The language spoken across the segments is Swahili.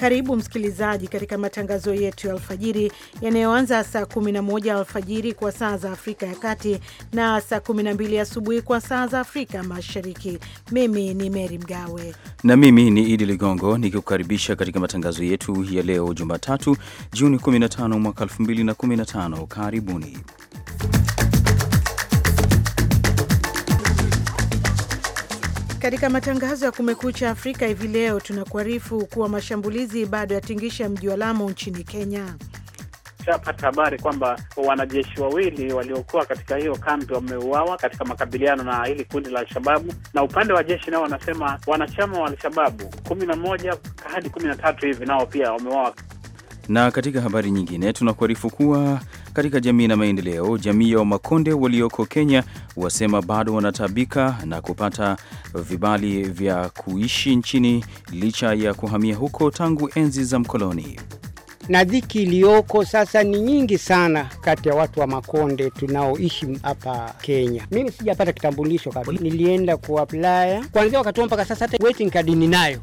Karibu msikilizaji katika matangazo yetu ya alfajiri yanayoanza saa 11 alfajiri kwa saa za Afrika ya Kati na saa 12 asubuhi kwa saa za Afrika Mashariki. Mimi ni Meri Mgawe na mimi ni Idi Ligongo nikikukaribisha katika matangazo yetu ya leo Jumatatu, Juni 15 mwaka 2015. Karibuni. Katika matangazo ya Kumekucha Afrika hivi leo tunakuarifu kuwa mashambulizi bado yatingisha mji wa Lamu nchini Kenya. Tushapata habari kwamba wanajeshi wawili waliokuwa katika hiyo kambi wameuawa katika makabiliano na hili kundi la Alshababu, na upande wa jeshi nao wanasema wanachama wa Alshababu kumi na moja hadi kumi na tatu hivi nao pia wameuawa. Na katika habari nyingine tunakuarifu kuwa katika jamii na maendeleo, jamii ya Wamakonde walioko Kenya wasema bado wanatabika na kupata vibali vya kuishi nchini licha ya kuhamia huko tangu enzi za mkoloni na dhiki iliyoko sasa ni nyingi sana kati ya watu wa Makonde tunaoishi hapa Kenya. Mimi sijapata kitambulisho kabisa, nilienda kuaplaya kuanzia wakati mpaka sasa, hata waiting card ninayo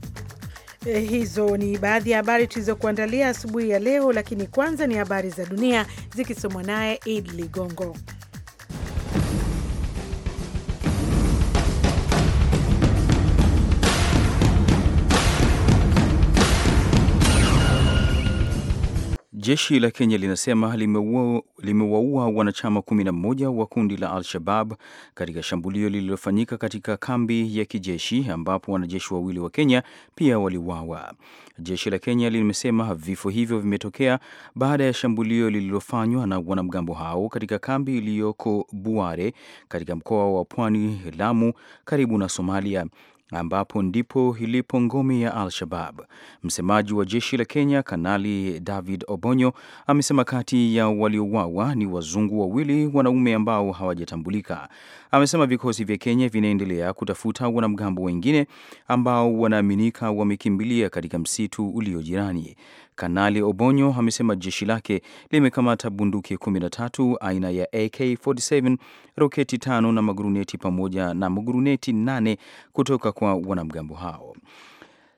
Eh, hizo ni baadhi ya habari tulizokuandalia asubuhi ya leo, lakini kwanza ni habari za dunia zikisomwa naye Id Ligongo. Jeshi la Kenya linasema limewaua wanachama 11 wa kundi la Al-Shabab katika shambulio lililofanyika katika kambi ya kijeshi ambapo wanajeshi wawili wa Kenya pia waliuawa. Jeshi la Kenya limesema vifo hivyo vimetokea baada ya shambulio lililofanywa na wanamgambo hao katika kambi iliyoko Buare katika mkoa wa Pwani Lamu karibu na Somalia ambapo ndipo ilipo ngome ya Al-Shabab. Msemaji wa jeshi la Kenya, Kanali David Obonyo, amesema kati ya waliouawa ni wazungu wawili, wanaume ambao hawajatambulika. Amesema vikosi vya Kenya vinaendelea kutafuta wanamgambo wengine ambao wanaaminika wamekimbilia katika msitu ulio jirani. Kanali Obonyo amesema jeshi lake limekamata bunduki 13 aina ya AK47, roketi tano na maguruneti pamoja na maguruneti nane kutoka kwa wanamgambo hao.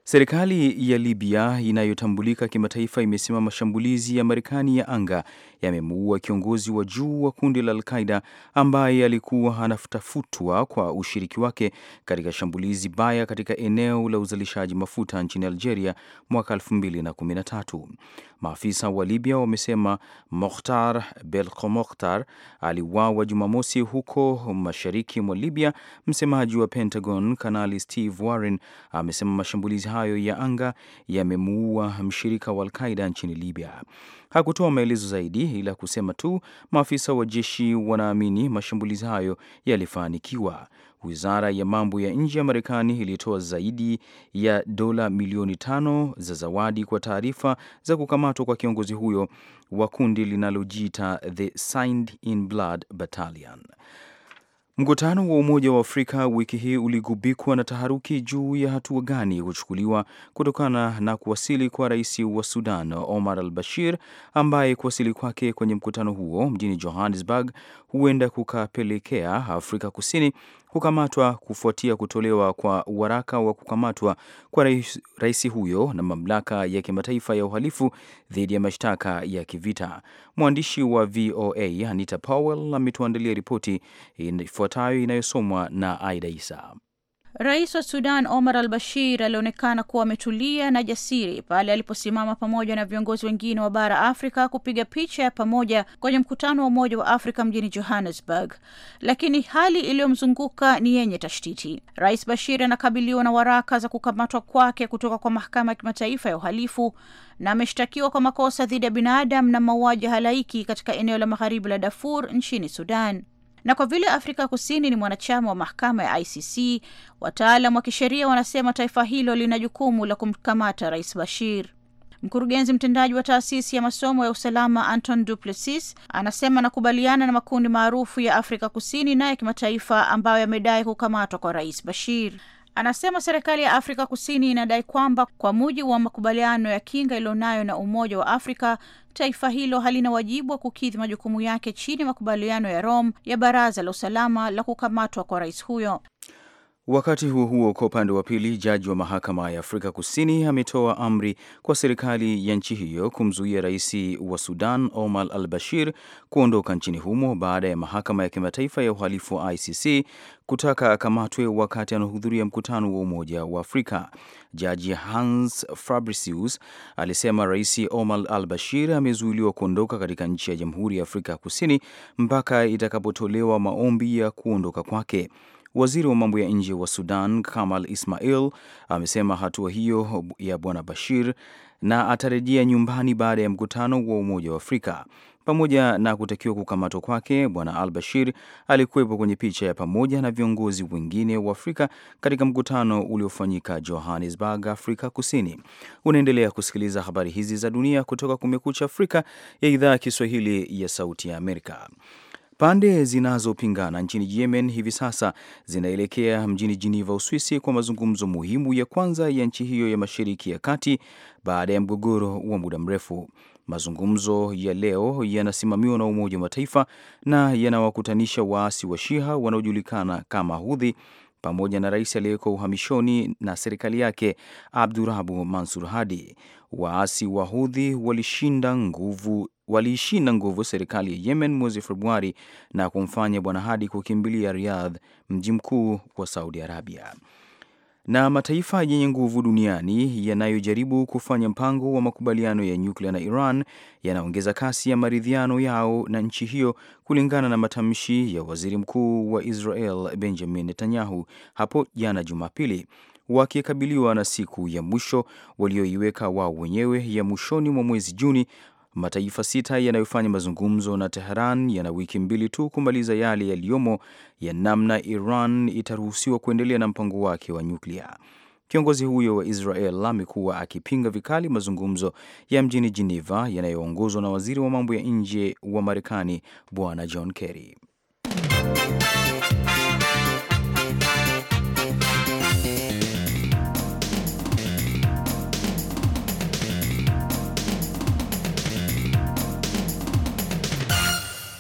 Serikali ya Libya inayotambulika kimataifa imesema mashambulizi ya Marekani ya anga yamemuua kiongozi wa juu wa kundi la al ambaye alikuwa anatafutwa kwa ushiriki wake katika shambulizi baya katika eneo la uzalishaji mafuta nchini Algeria mwaka 2013. Maafisa wa Libya wamesema Mokhtar Belkomokhtar aliuawa Jumamosi huko mashariki mwa Libya. Msemaji wa Pentagon Kanali Steve Warren amesema mashambulizi hayo ya anga yamemuua mshirika wa alqaida nchini Libya. Hakutoa maelezo zaidi ila kusema tu maafisa wa jeshi wanaamini mashambulizi hayo yalifanikiwa. Wizara ya mambo ya nje ya Marekani ilitoa zaidi ya dola milioni tano za zawadi kwa taarifa za kukamatwa kwa kiongozi huyo wa kundi linalojiita The Signed in Blood Battalion. Mkutano wa Umoja wa Afrika wiki hii uligubikwa na taharuki juu ya hatua gani kuchukuliwa kutokana na kuwasili kwa rais wa Sudan Omar al Bashir, ambaye kuwasili kwake kwenye mkutano huo mjini Johannesburg huenda kukapelekea Afrika Kusini kukamatwa kufuatia kutolewa kwa waraka wa kukamatwa kwa rais, rais huyo na mamlaka ya kimataifa ya uhalifu dhidi ya mashtaka ya kivita. Mwandishi wa VOA Anita Powell ametuandalia ripoti ifuatayo inayosomwa na Aida Isa. Rais wa Sudan Omar al Bashir alionekana kuwa ametulia na jasiri pale aliposimama pamoja na viongozi wengine wa bara Afrika kupiga picha ya pamoja kwenye mkutano wa Umoja wa Afrika mjini Johannesburg, lakini hali iliyomzunguka ni yenye tashtiti. Rais Bashir anakabiliwa na waraka za kukamatwa kwake kutoka kwa Mahakama ya Kimataifa ya Uhalifu na ameshtakiwa kwa makosa dhidi ya binadamu na mauaji halaiki katika eneo la magharibi la Darfur nchini Sudan. Na kwa vile Afrika Kusini ni mwanachama wa mahakama ya ICC, wataalam wa kisheria wanasema taifa hilo lina jukumu la kumkamata Rais Bashir. Mkurugenzi mtendaji wa taasisi ya masomo ya usalama Anton Du anasema anakubaliana na makundi maarufu ya Afrika Kusini na ya kimataifa ambayo yamedai kukamatwa kwa Rais Bashir. Anasema serikali ya Afrika Kusini inadai kwamba kwa mujibu wa makubaliano ya kinga iliyonayo na Umoja wa Afrika, taifa hilo halina wajibu wa kukidhi majukumu yake chini ya makubaliano ya Rome ya Baraza la Usalama la kukamatwa kwa rais huyo. Wakati huo huo, kwa upande wa pili, jaji wa mahakama ya Afrika Kusini ametoa amri kwa serikali ya nchi hiyo kumzuia rais wa Sudan Omar al Bashir kuondoka nchini humo baada ya mahakama ya kimataifa ya uhalifu wa ICC kutaka akamatwe wakati anahudhuria mkutano wa Umoja wa Afrika. Jaji Hans Fabricius alisema Rais Omar al Bashir amezuiliwa kuondoka katika nchi ya Jamhuri ya Afrika Kusini mpaka itakapotolewa maombi ya kuondoka kwake. Waziri wa mambo ya nje wa Sudan Kamal Ismail amesema hatua hiyo ya Bwana Bashir na atarejea nyumbani baada ya mkutano wa Umoja wa Afrika. Pamoja na kutakiwa kukamatwa kwake, Bwana Al Bashir alikuwepo kwenye picha ya pamoja na viongozi wengine wa Afrika katika mkutano uliofanyika Johannesburg, Afrika Kusini. Unaendelea kusikiliza habari hizi za dunia kutoka Kumekucha Afrika ya idhaa ya Kiswahili ya Sauti ya Amerika. Pande zinazopingana nchini Yemen hivi sasa zinaelekea mjini Geneva, Uswisi, kwa mazungumzo muhimu ya kwanza ya nchi hiyo ya Mashariki ya Kati baada ya mgogoro wa muda mrefu. Mazungumzo ya leo yanasimamiwa na Umoja wa Mataifa na yanawakutanisha waasi wa Shiha wanaojulikana kama Hudhi pamoja na rais aliyeko uhamishoni na serikali yake Abdurabu Mansur Hadi. Waasi wa Hudhi walishinda nguvu waliishinda nguvu serikali ya Yemen mwezi Februari na kumfanya Bwana Hadi kukimbilia Riyadh, mji mkuu wa Saudi Arabia. Na mataifa yenye nguvu duniani yanayojaribu kufanya mpango wa makubaliano ya nyuklia na Iran yanaongeza kasi ya maridhiano yao na nchi hiyo kulingana na matamshi ya Waziri Mkuu wa Israel Benjamin Netanyahu hapo jana Jumapili wakikabiliwa na siku ya mwisho walioiweka wao wenyewe ya mwishoni mwa mwezi Juni Mataifa sita yanayofanya mazungumzo na Teheran yana wiki mbili tu kumaliza yale yaliyomo ya namna Iran itaruhusiwa kuendelea na mpango wake wa nyuklia. Kiongozi huyo wa Israel amekuwa akipinga vikali mazungumzo ya mjini Geneva yanayoongozwa na waziri wa mambo ya nje wa Marekani Bwana John Kerry.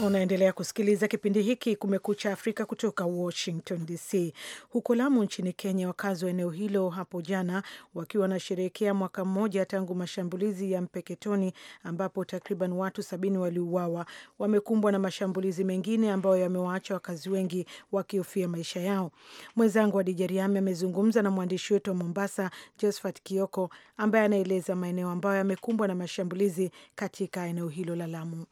Unaendelea kusikiliza kipindi hiki Kumekucha Afrika kutoka Washington DC. Huko Lamu nchini Kenya, wakazi wa eneo hilo hapo jana wakiwa wanasherehekea mwaka mmoja tangu mashambulizi ya Mpeketoni ambapo takriban watu sabini waliuawa, wamekumbwa na mashambulizi mengine ambayo yamewaacha wakazi wengi wakihofia maisha yao. Mwenzangu adijariami amezungumza na mwandishi wetu wa Mombasa, Josphat Kioko, ambaye anaeleza maeneo ambayo yamekumbwa na mashambulizi katika eneo hilo la Lamu.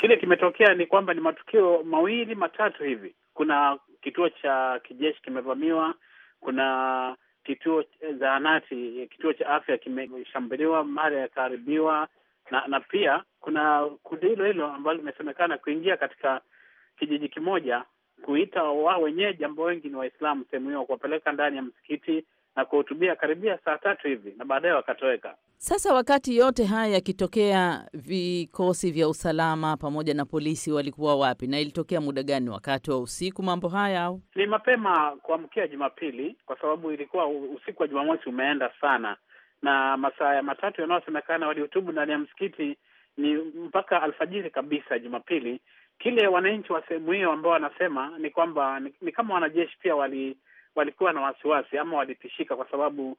Kile kimetokea ni kwamba ni matukio mawili matatu hivi. Kuna kituo cha kijeshi kimevamiwa, kuna kituo zahanati, kituo cha afya kimeshambuliwa, mara yakaharibiwa, na na pia kuna kundi hilo hilo ambalo limesemekana kuingia katika kijiji kimoja, kuita wa wenyeji ambao wengi ni Waislamu sehemu hiyo, kuwapeleka ndani ya msikiti na kuhutubia karibia saa tatu hivi, na baadaye wakatoweka. Sasa wakati yote haya yakitokea, vikosi vya usalama pamoja na polisi walikuwa wapi na ilitokea muda gani? Wakati wa usiku mambo haya au ni mapema kuamkia Jumapili? Kwa sababu ilikuwa usiku wa Jumamosi umeenda sana, na masaa ya matatu yanayosemekana walihutubu ndani ya msikiti ni mpaka alfajiri kabisa Jumapili. Kile wananchi wa sehemu hiyo ambao wanasema ni kwamba ni, ni kama wanajeshi pia wali, walikuwa na wasiwasi ama walitishika kwa sababu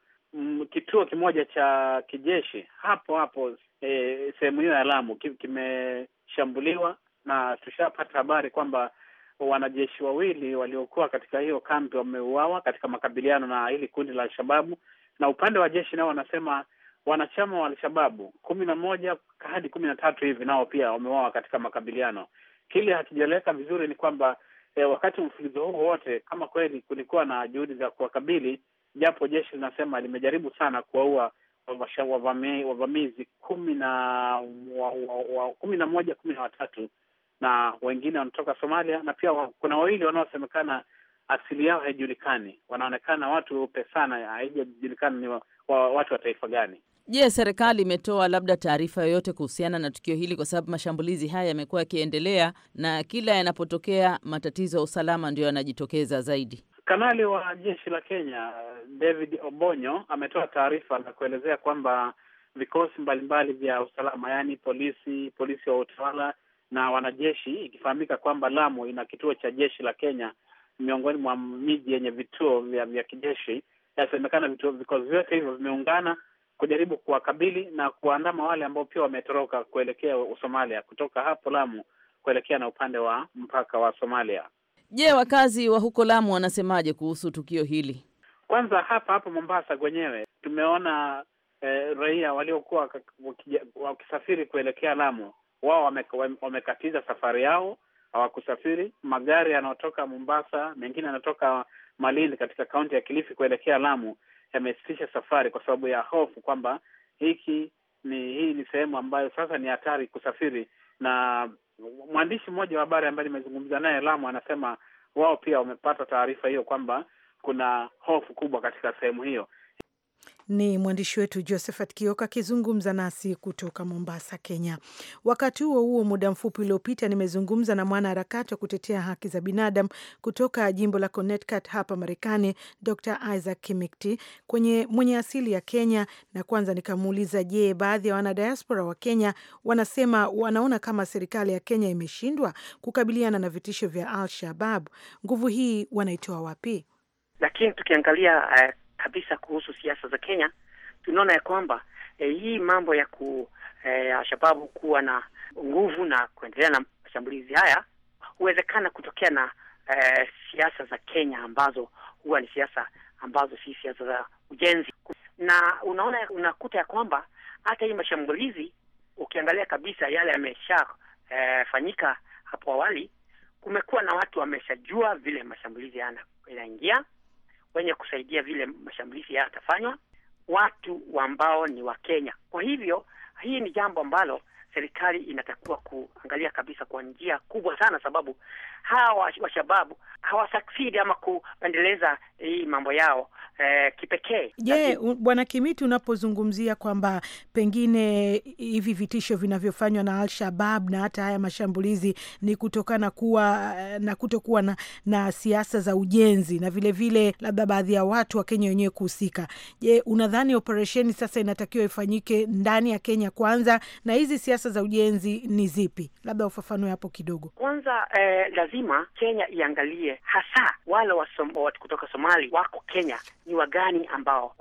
kituo kimoja cha kijeshi hapo hapo e, sehemu hiyo ya Lamu kimeshambuliwa, na tushapata habari kwamba wanajeshi wawili waliokuwa katika hiyo kambi wameuawa katika makabiliano na hili kundi la Alshababu, na upande wa jeshi nao wanasema wanachama wa Alshababu kumi na moja hadi kumi na tatu hivi nao pia wameuawa katika makabiliano. Kile hakijaeleweka vizuri ni kwamba e, wakati wa mfululizo huu wote, kama kweli kulikuwa na juhudi za kuwakabili japo jeshi linasema limejaribu sana kuwaua wavamizi kumi na wa, wa, wa, kumi na moja kumi na watatu na wengine wanatoka Somalia na pia wa, kuna wawili wanaosemekana asili yao haijulikani, wanaonekana watu weupe sana, haijajulikana ni wa, wa, watu wa taifa gani. Je, yes, serikali imetoa labda taarifa yoyote kuhusiana na tukio hili? Kwa sababu mashambulizi haya yamekuwa yakiendelea na kila yanapotokea matatizo ya usalama ndio yanajitokeza zaidi. Kanali wa jeshi la Kenya eh, David Obonyo ametoa taarifa na kuelezea kwamba vikosi mbalimbali vya usalama, yaani polisi, polisi wa utawala na wanajeshi, ikifahamika kwamba Lamu ina kituo cha jeshi la Kenya miongoni mwa miji yenye vituo vya, vya kijeshi. Inasemekana vikosi vyote hivyo vimeungana kujaribu kuwakabili na kuwaandama wale ambao pia wametoroka kuelekea Somalia kutoka hapo Lamu kuelekea na upande wa mpaka wa Somalia. Je, wakazi wa huko Lamu wanasemaje kuhusu tukio hili? Kwanza hapa hapa Mombasa kwenyewe tumeona eh, raia waliokuwa wakisafiri kuelekea Lamu wao wamekatiza safari yao, hawakusafiri. Magari yanayotoka Mombasa, mengine yanatoka Malindi katika kaunti ya Kilifi kuelekea Lamu yamesitisha safari kwa sababu ya hofu kwamba hiki ni hii ni sehemu ambayo sasa ni hatari kusafiri na mwandishi mmoja wa habari ambaye nimezungumza naye Lamu anasema wao pia wamepata taarifa hiyo kwamba kuna hofu kubwa katika sehemu hiyo. Ni mwandishi wetu Josephat Kioka akizungumza nasi kutoka Mombasa, Kenya. Wakati huo huo, muda mfupi uliopita, nimezungumza na mwanaharakati wa kutetea haki za binadamu kutoka jimbo la Connecticut hapa Marekani, Dr Isaac Kimikti kwenye mwenye asili ya Kenya, na kwanza nikamuuliza, je, baadhi ya wanadiaspora wa Kenya wanasema wanaona kama serikali ya Kenya imeshindwa kukabiliana na vitisho vya Al Shabab. Nguvu hii wanaitoa wapi? Lakini tukiangalia uh, kabisa kuhusu siasa za Kenya, tunaona ya kwamba eh, hii mambo ya ku eh, Alshababu kuwa na nguvu na kuendelea na mashambulizi haya huwezekana kutokea na eh, siasa za Kenya ambazo huwa ni siasa ambazo si siasa za ujenzi, na unaona unakuta ya kwamba hata hii mashambulizi ukiangalia kabisa yale yameshafanyika eh, hapo awali, kumekuwa na watu wameshajua vile mashambulizi yanaingia wenye kusaidia vile mashambulizi yatafanywa, watu ambao ni Wakenya. Kwa hivyo hii ni jambo ambalo serikali inatakiwa kuangalia kabisa kwa njia kubwa sana, sababu hawa washababu hawasaksidi ama kuendeleza hii mambo yao eh, kipekee. Je, yeah, Bwana Kimiti, unapozungumzia kwamba pengine hivi vitisho vinavyofanywa na Al-Shabab na hata haya mashambulizi ni kutokana kuwa eh, na kutokuwa na, na siasa za ujenzi na vilevile labda baadhi ya watu wa Kenya wenyewe kuhusika, je, unadhani operesheni sasa inatakiwa ifanyike ndani ya Kenya kwanza na hizi siasa siasa za ujenzi ni zipi? Labda ufafanue hapo kidogo. Kwanza eh, lazima Kenya iangalie hasa wale watu kutoka Somali wako Kenya ni wagani ambao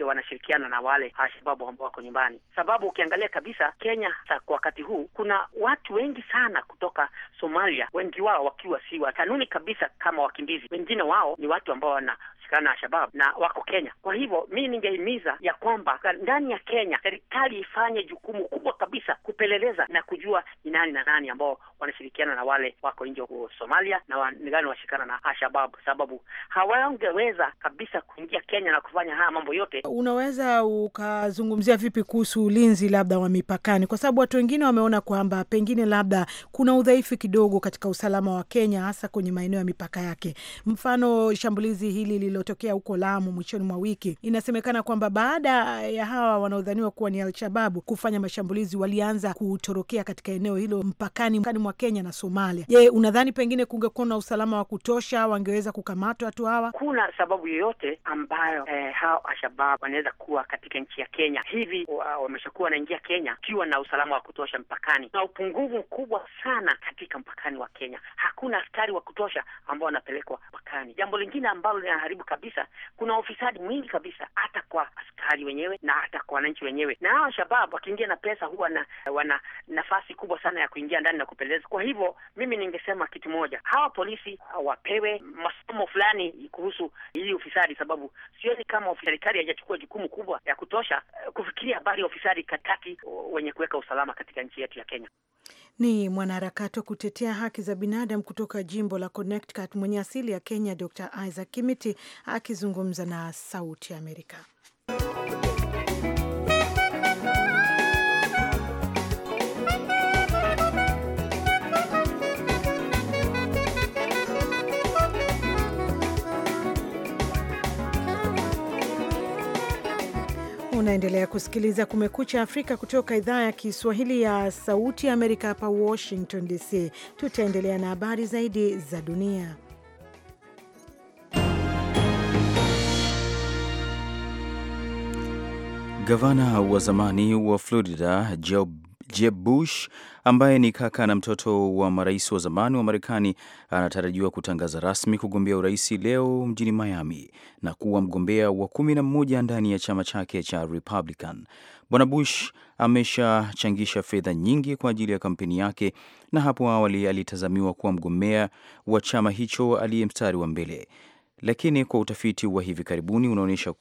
wanashirikiana na wale Alshababu ambao wako nyumbani, sababu ukiangalia kabisa Kenya kwa wakati huu kuna watu wengi sana kutoka Somalia, wengi wao wakiwa si kanuni kabisa kama wakimbizi, wengine wao ni watu ambao wana na al na wako Kenya. Kwa hivyo mi ningehimiza ya kwamba ndani ya Kenya serikali ifanye jukumu kubwa kabisa kupe kupeleleza na kujua ni nani na nani ambao wanashirikiana na wale wako nje huko Somalia na ni gani washikana na Alshababu, sababu hawangeweza kabisa kuingia Kenya na kufanya haya mambo yote. Unaweza ukazungumzia vipi kuhusu ulinzi labda wa mipakani, kwa sababu watu wengine wameona kwamba pengine labda kuna udhaifu kidogo katika usalama wa Kenya, hasa kwenye maeneo ya mipaka yake. Mfano, shambulizi hili lililotokea huko Lamu mwishoni mwa wiki, inasemekana kwamba baada ya hawa wanaodhaniwa kuwa ni Alshababu kufanya mashambulizi, walianza kutorokea katika eneo hilo mpakani mwa Kenya na Somalia. Je, unadhani pengine kungekuwa na usalama wa kutosha, wangeweza kukamatwa watu hawa? Kuna sababu yoyote ambayo eh, hao Alshabab wanaweza kuwa katika nchi ya Kenya hivi? Wameshakuwa wanaingia Kenya ukiwa na usalama wa kutosha mpakani, na upungufu mkubwa sana katika mpakani wa Kenya. Hakuna askari wa kutosha ambao wanapelekwa mpakani. Jambo lingine ambalo linaharibu kabisa, kuna ufisadi mwingi kabisa, hata kwa askari wenyewe na hata kwa wananchi wenyewe, na hao Alshabab wakiingia na pesa huwa na eh, wana nafasi kubwa sana ya kuingia ndani na kupeleleza. Kwa hivyo mimi ningesema kitu moja, hawa polisi wapewe masomo fulani kuhusu hii ufisadi, sababu sioni kama serikali haijachukua jukumu kubwa ya kutosha eh, kufikiria habari ya ufisadi katikati wenye kuweka usalama katika nchi yetu ya Kenya. Ni mwanaharakati wa kutetea haki za binadamu kutoka jimbo la Connecticut mwenye asili ya Kenya, Dr Isaac Kimiti akizungumza na Sauti ya Amerika. Unaendelea kusikiliza Kumekucha Afrika kutoka idhaa ya Kiswahili ya Sauti ya Amerika, hapa Washington DC. Tutaendelea na habari zaidi za dunia. Gavana wa zamani wa Florida Joe Jeb Bush ambaye ni kaka na mtoto wa marais wa zamani wa Marekani anatarajiwa kutangaza rasmi kugombea urais leo mjini Miami na kuwa mgombea wa kumi na mmoja ndani ya chama chake cha Republican. Bwana Bush ameshachangisha fedha nyingi kwa ajili ya kampeni yake na hapo awali alitazamiwa kuwa mgombea wa chama hicho aliye mstari wa mbele lakini kwa utafiti wa hivi karibuni unaonyesha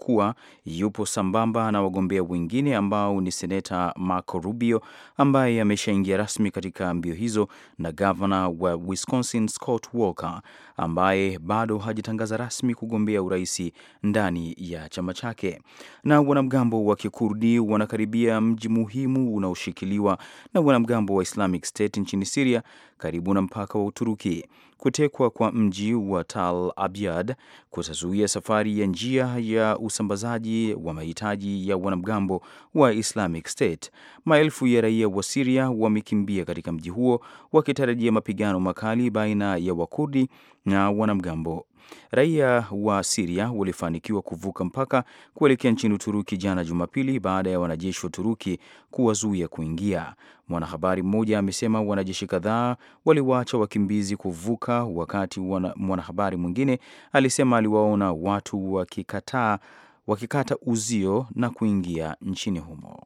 kuwa yupo sambamba na wagombea wengine ambao ni seneta Marco Rubio ambaye ameshaingia rasmi katika mbio hizo na gavana wa Wisconsin Scott Walker ambaye bado hajitangaza rasmi kugombea uraisi ndani ya chama chake. Na wanamgambo wa Kikurdi wanakaribia mji muhimu unaoshikiliwa na wanamgambo wa Islamic State nchini Siria karibu na mpaka wa Uturuki kutekwa kwa mji wa Tal Abyad kutazuia safari ya njia ya usambazaji wa mahitaji ya wanamgambo wa Islamic State. Maelfu ya raia wa Siria wamekimbia katika mji huo wakitarajia mapigano makali baina ya Wakurdi na wanamgambo Raia wa Siria walifanikiwa kuvuka mpaka kuelekea nchini Uturuki jana Jumapili baada ya wanajeshi wa Turuki kuwazuia kuingia. Mwanahabari mmoja amesema wanajeshi kadhaa waliwaacha wakimbizi kuvuka, wakati wana, mwanahabari mwingine alisema aliwaona watu wakikataa wakikata uzio na kuingia nchini humo.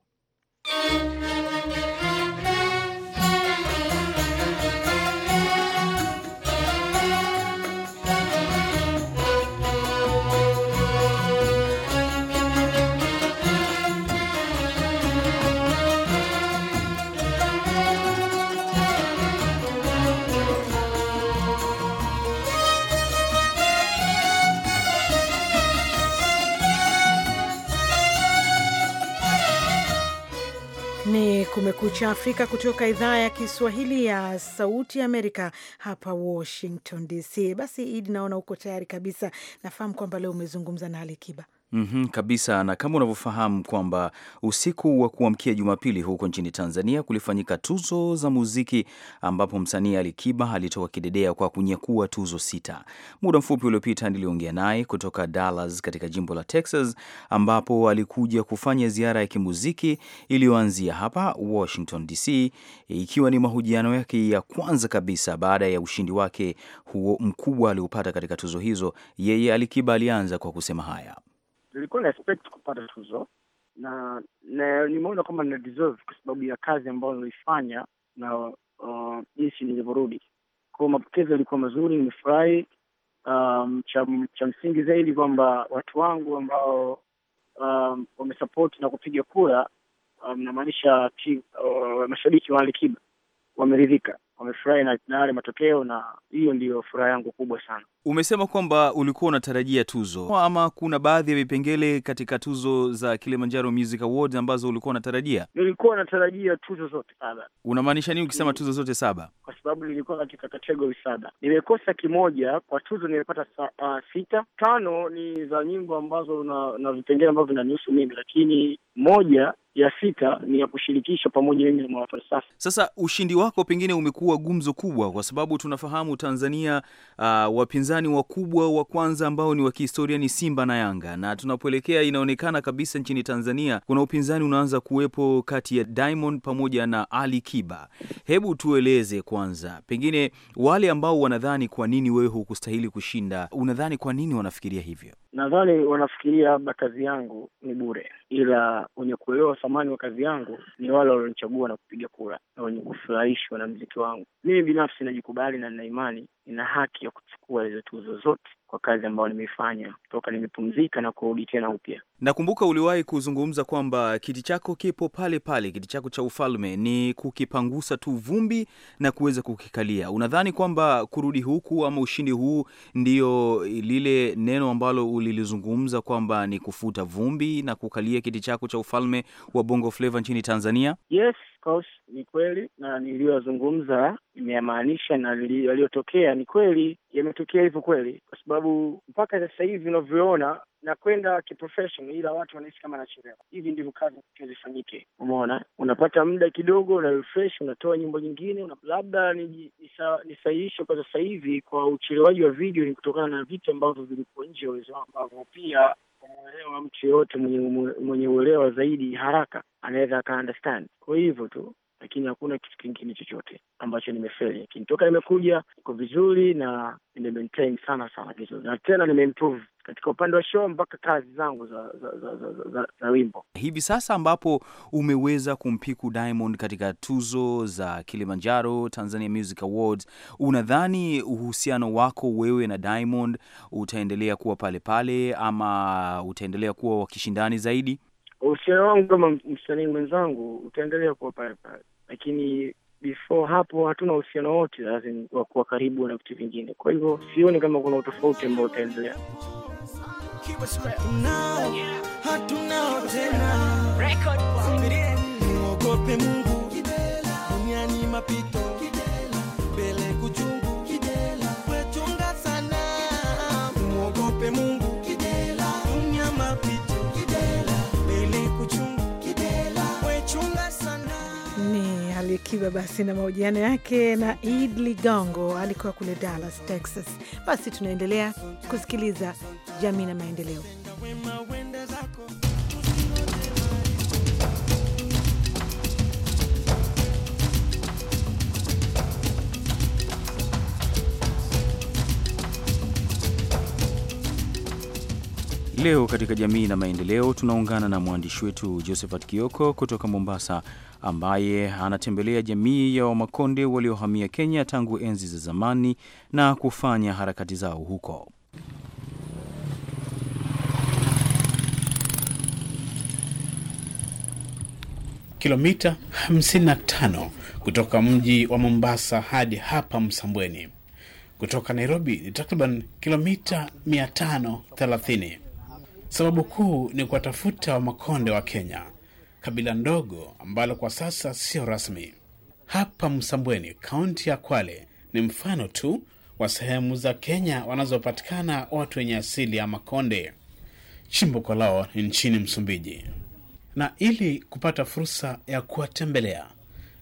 Kumekucha Afrika kutoka idhaa ya Kiswahili ya Sauti Amerika hapa Washington DC. Basi Idi, naona uko tayari kabisa. Nafahamu kwamba leo umezungumza na Alikiba. Mm -hmm, kabisa. Na kama unavyofahamu kwamba usiku wa kuamkia Jumapili huko nchini Tanzania kulifanyika tuzo za muziki ambapo msanii alikiba alitoka alitoa kidedea kwa kunyakua tuzo sita. Muda mfupi uliopita niliongea naye kutoka Dallas katika jimbo la Texas ambapo alikuja kufanya ziara ya kimuziki iliyoanzia hapa Washington DC, ikiwa ni mahojiano yake ya kwanza kabisa baada ya ushindi wake huo mkubwa aliopata katika tuzo hizo. Yeye Alikiba alianza kwa kusema haya nilikuwa na expect kupata tuzo na, na nimeona kwamba nina deserve kwa sababu ya kazi ambayo nilifanya na uh, jinsi uh, nilivyorudi. Kwa mapokezi yalikuwa mazuri, nimefurahi. Um, cha, cha msingi zaidi kwamba watu wangu ambao um, wamesapoti na kupiga kura mnamaanisha um, uh, mashabiki wa Alikiba wameridhika, wamefurahi na yale matokeo, na hiyo ndiyo furaha yangu kubwa sana. Umesema kwamba ulikuwa unatarajia tuzo ama kuna baadhi ya vipengele katika tuzo za Kilimanjaro Music Awards ambazo ulikuwa unatarajia? Nilikuwa natarajia tuzo zote saba. Unamaanisha nini ukisema mm. tuzo zote saba? Kwa sababu nilikuwa katika kategori saba, nimekosa kimoja. Kwa tuzo nimepata uh, sita. Tano ni za nyimbo ambazo na, na vipengele ambavyo vinanihusu mimi, lakini moja ya sita ni ya kushirikisha pamoja na mwanafalsafa. Sasa ushindi wako pengine umekuwa gumzo kubwa, kwa sababu tunafahamu Tanzania uh, wapinzani wapinzani wakubwa wa kwanza ambao ni wa kihistoria ni Simba na Yanga, na tunapoelekea inaonekana kabisa nchini Tanzania kuna upinzani unaanza kuwepo kati ya Diamond pamoja na Ali Kiba. Hebu tueleze kwanza, pengine wale ambao wanadhani kwa nini wewe hukustahili kushinda, unadhani kwa nini wanafikiria hivyo? Nadhani wanafikiria labda kazi yangu ni bure, ila wenye kuelewa thamani wa kazi yangu ni wale walionichagua na kupiga kura na wenye kufurahishwa na mziki wangu. Mimi binafsi najikubali na nina imani nina haki ya kuchukua hizo tuzo zote kwa kazi ambayo nimeifanya toka nimepumzika na kurudi tena upya. Nakumbuka uliwahi kuzungumza kwamba kiti chako kipo pale pale, kiti chako cha ufalme ni kukipangusa tu vumbi na kuweza kukikalia. Unadhani kwamba kurudi huku ama ushindi huu ndiyo lile neno ambalo ulilizungumza kwamba ni kufuta vumbi na kukalia kiti chako cha ufalme wa Bongo Flava nchini Tanzania? Yes, course ni kweli na niliyozungumza imeamaanisha na yaliyotokea ni kweli, yametokea hivyo kweli, kwa sababu mpaka sasa hivi unavyoona na kwenda kiprofession, ila watu wanaishi kama nachelewa. Hivi ndivyo kazi zifanyike. Umeona, unapata muda kidogo, una refresh, unatoa nyimbo nyingine una, labda nisahihishe kwa sasa hivi kwa uchelewaji wa video ni kutokana na vitu ambavyo vilikuwa nje ya uwezo ambavyo pia kumwelewa mtu yoyote mwenye uelewa zaidi haraka anaweza aka understand. Kwa hivyo tu, lakini hakuna kitu kingine chochote ambacho nimefeli, lakini toka nimekuja iko vizuri na nime maintain sana sana vizuri, na tena nime improve katika upande wa show mpaka kazi zangu za, za, za, za, za, za, za wimbo hivi sasa, ambapo umeweza kumpiku Diamond katika tuzo za Kilimanjaro Tanzania Music Awards. Unadhani uhusiano wako wewe na Diamond utaendelea kuwa pale pale ama utaendelea kuwa wakishindani zaidi? Uhusiano wangu kama msanii mwenzangu utaendelea kuwa pale pale, lakini before hapo hatuna uhusiano wote wa kuwa karibu na vitu vingine. Kwa hivyo sioni kama kuna utofauti ambao utaendelea hatunao, hatunao tena, muogope Mungu, duniani mapito Alikiba basi na mahojiano yake na Ed Ligongo alikuwa kule Dallas, Texas. Basi tunaendelea kusikiliza jamii na maendeleo. Leo katika jamii na maendeleo tunaungana na mwandishi wetu Josephat Kioko kutoka Mombasa, ambaye anatembelea jamii ya Wamakonde waliohamia Kenya tangu enzi za zamani na kufanya harakati zao huko. Kilomita 55 kutoka mji wa Mombasa hadi hapa Msambweni. Kutoka Nairobi ni takriban kilomita 530. Sababu kuu ni kuwatafuta Wamakonde wa Kenya, kabila ndogo ambalo kwa sasa sio rasmi. Hapa Msambweni, kaunti ya Kwale, ni mfano tu wa sehemu za Kenya wanazopatikana watu wenye asili ya Makonde. Chimbuko lao ni nchini Msumbiji, na ili kupata fursa ya kuwatembelea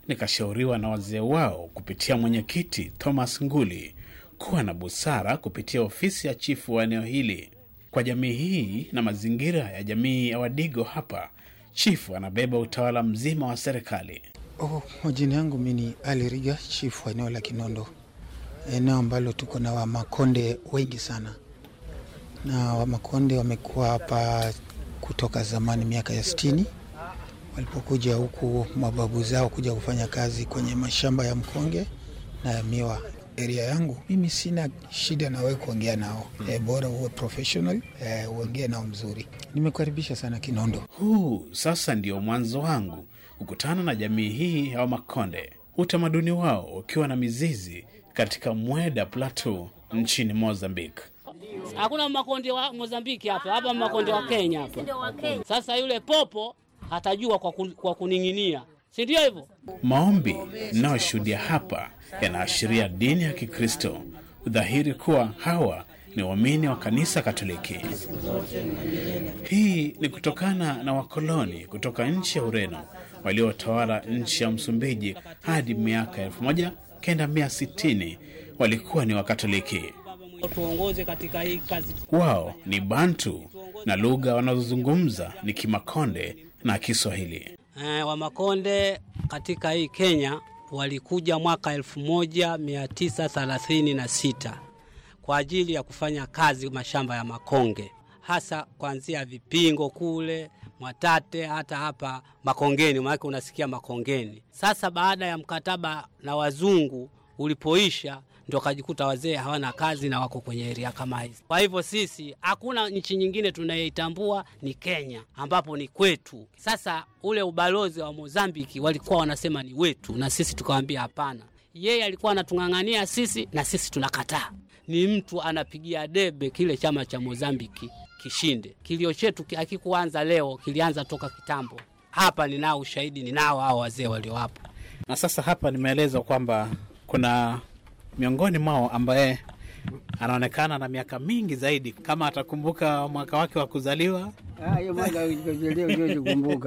nikashauriwa na wazee wao kupitia mwenyekiti Thomas Nguli kuwa na busara kupitia ofisi ya chifu wa eneo hili kwa jamii hii na mazingira ya jamii ya Wadigo hapa, chifu anabeba utawala mzima wa serikali. Oh, majina yangu mi ni Ali Riga, chifu wa eneo la Kinondo, eneo ambalo tuko na Wamakonde wengi sana, na Wamakonde wamekuwa hapa kutoka zamani, miaka ya sitini walipokuja huku mababu zao kuja kufanya kazi kwenye mashamba ya mkonge na ya miwa area yangu mimi sina shida na wewe kuongea nao mm. E, bora uwe professional e, uongee nao mzuri. Nimekaribisha sana Kinondo. Huu sasa ndio mwanzo wangu kukutana na jamii hii ya Wamakonde, utamaduni wao ukiwa na mizizi katika Mweda Plateau nchini Mozambique. Hakuna Makonde wa Mozambiki hapa, hapa Makonde wa Kenya hapa. Sasa yule popo hatajua kwa, kun, kwa kuning'inia si ndio hivyo? Maombi mnayoshuhudia hapa yanaashiria dini ya Kikristo, dhahiri kuwa hawa ni waamini wa kanisa Katoliki. Hii ni kutokana na wakoloni kutoka nchi ya Ureno waliotawala nchi ya Msumbiji hadi miaka kenda mia sitini walikuwa ni Wakatoliki. Wao ni Bantu na lugha wanazozungumza ni Kimakonde na Kiswahili eh, wa Makonde katika hii Kenya walikuja mwaka 1936 kwa ajili ya kufanya kazi mashamba ya makonge, hasa kuanzia Vipingo kule Mwatate hata hapa Makongeni, maanake unasikia Makongeni. Sasa baada ya mkataba na wazungu ulipoisha ndio kajikuta wazee hawana kazi na wako kwenye eria kama hizi. Kwa hivyo sisi, hakuna nchi nyingine tunayeitambua ni Kenya, ambapo ni kwetu. Sasa ule ubalozi wa Mozambiki walikuwa wanasema ni wetu, na sisi tukawambia hapana. Yeye alikuwa anatung'ang'ania sisi, na sisi tunakataa. Ni mtu anapigia debe kile chama cha Mozambiki kishinde. Kilio chetu akikuanza leo, kilianza toka kitambo. Hapa ninao ushahidi, ninao hao wazee waliowapo. Na sasa hapa nimeeleza kwamba kuna miongoni mwao ambaye anaonekana na miaka mingi zaidi, kama atakumbuka mwaka wake wa kuzaliwa. Ah, hiyo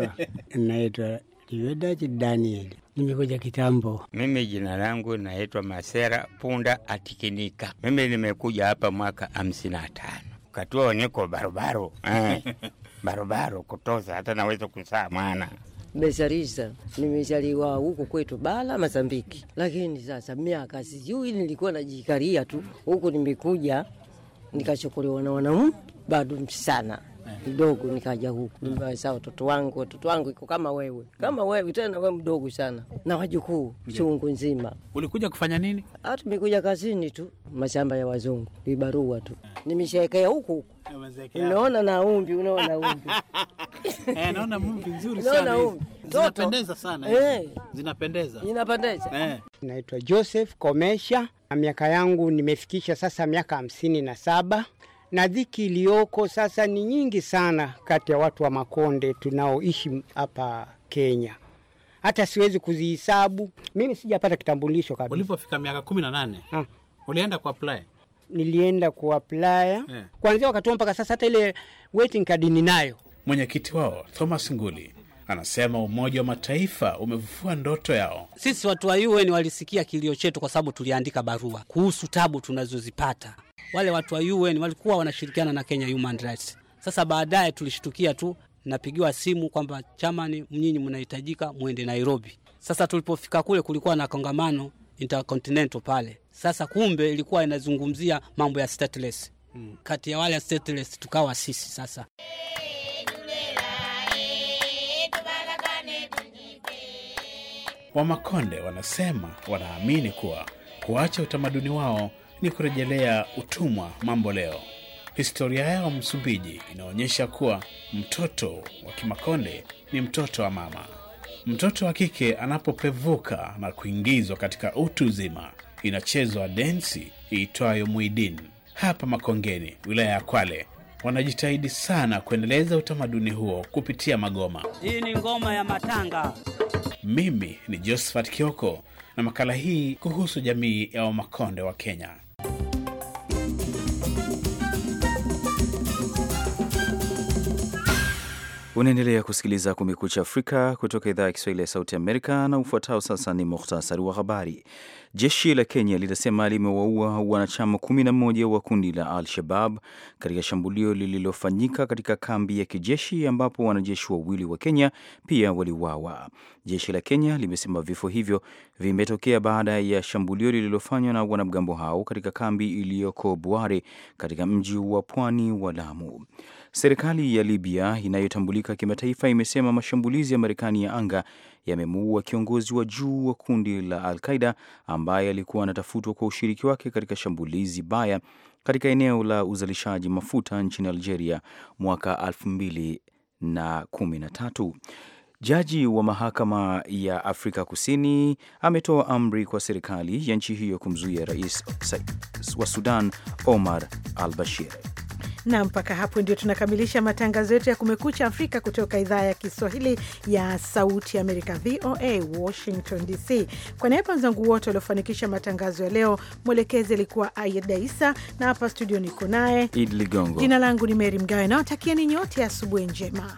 Naitwa Liwedachi Daniel, nimekuja kitambo. Mimi jina langu naitwa Masera Punda Atikinika. Mimi nimekuja hapa mwaka hamsini na tano katuo niko barobaro eh, barobaro kutoza, hata naweza kusaa mwana mezaliza nimezaliwa huku kwetu Bala mazambiki lakini sasa miaka sijui, nilikuwa najikaria tu huku, nimekuja nikachukuliwa na wanaume bado sana kidogo nikaja huku, saa watoto wangu, watoto wangu iko kama wewe, kama wewe tena, we mdogo sana, na wajukuu chungu nzima. Ulikuja kufanya nini? Ah, tumekuja kazini tu, mashamba ya wazungu, ibarua tu, nimeshaekea huku huku Unaona na umbi, unaona umbi. Eh, naona umbi nzuri sana. Zinapendeza sana. Eh. Zinapendeza. Inapendeza. Eh. Naitwa Joseph Komesha na miaka yangu nimefikisha sasa miaka hamsini na saba na dhiki iliyoko sasa ni nyingi sana kati ya watu wa Makonde tunaoishi hapa Kenya hata siwezi kuzihisabu. Mimi sijapata kitambulisho kabisa. Ulipofika miaka kumi na nane ah. ulienda kuapply? Nilienda kuaplaya yeah. Kuanzia wakati mpaka sasa, hata ile waiting card ninayo. Mwenyekiti wao Thomas Nguli Anasema Umoja wa Mataifa umevufua ndoto yao. Sisi watu wa UN walisikia kilio chetu, kwa sababu tuliandika barua kuhusu tabu tunazozipata. Wale watu wa UN walikuwa wanashirikiana na Kenya Human Rights. Sasa baadaye tulishtukia tu, napigiwa simu kwamba chamani, mnyinyi mnahitajika mwende Nairobi. Sasa tulipofika kule kulikuwa na kongamano Intercontinental pale. Sasa kumbe ilikuwa inazungumzia mambo ya stateless. Hmm. Kati ya wale stateless tukawa sisi sasa Wamakonde wanasema wanaamini kuwa kuacha utamaduni wao ni kurejelea utumwa mambo leo. Historia yao Msumbiji inaonyesha kuwa mtoto wa Kimakonde ni mtoto wa mama. Mtoto wa kike anapopevuka na kuingizwa katika utu uzima, inachezwa densi iitwayo Muidin. Hapa Makongeni, wilaya ya Kwale, wanajitahidi sana kuendeleza utamaduni huo kupitia magoma. Hii ni ngoma ya matanga. Mimi ni Josephat Kioko na makala hii kuhusu jamii ya Wamakonde wa Kenya. Unaendelea kusikiliza Kumekucha Afrika kutoka idhaa ya Kiswahili ya Sauti Amerika, na ufuatao sasa ni muhtasari wa habari. Jeshi la Kenya linasema limewaua wanachama 11 wa kundi la Al-Shabab katika shambulio lililofanyika katika kambi ya kijeshi ambapo wanajeshi wawili wa Kenya pia waliuawa. Jeshi la Kenya limesema vifo hivyo vimetokea baada ya shambulio lililofanywa na wanamgambo hao katika kambi iliyoko Bware katika mji wa pwani wa Lamu. Serikali ya Libya inayotambulika kimataifa imesema mashambulizi ya Marekani ya anga yamemuua kiongozi wa juu wa kundi la Al-Qaida ambaye alikuwa anatafutwa kwa ushiriki wake katika shambulizi baya katika eneo la uzalishaji mafuta nchini Algeria mwaka 2013. Jaji wa mahakama ya Afrika Kusini ametoa amri kwa serikali ya nchi hiyo kumzuia rais wa Sudan Omar al-Bashir na mpaka hapo ndio tunakamilisha matangazo yetu ya Kumekucha Afrika kutoka idhaa ya Kiswahili ya Sauti ya Amerika, VOA Washington DC. Kwa niaba wenzangu wote waliofanikisha matangazo ya leo, mwelekezi alikuwa Aida Isa na hapa studio niko naye Idi Ligongo. Jina langu ni Meri Mgawe, nawatakieni nyote asubuhi njema.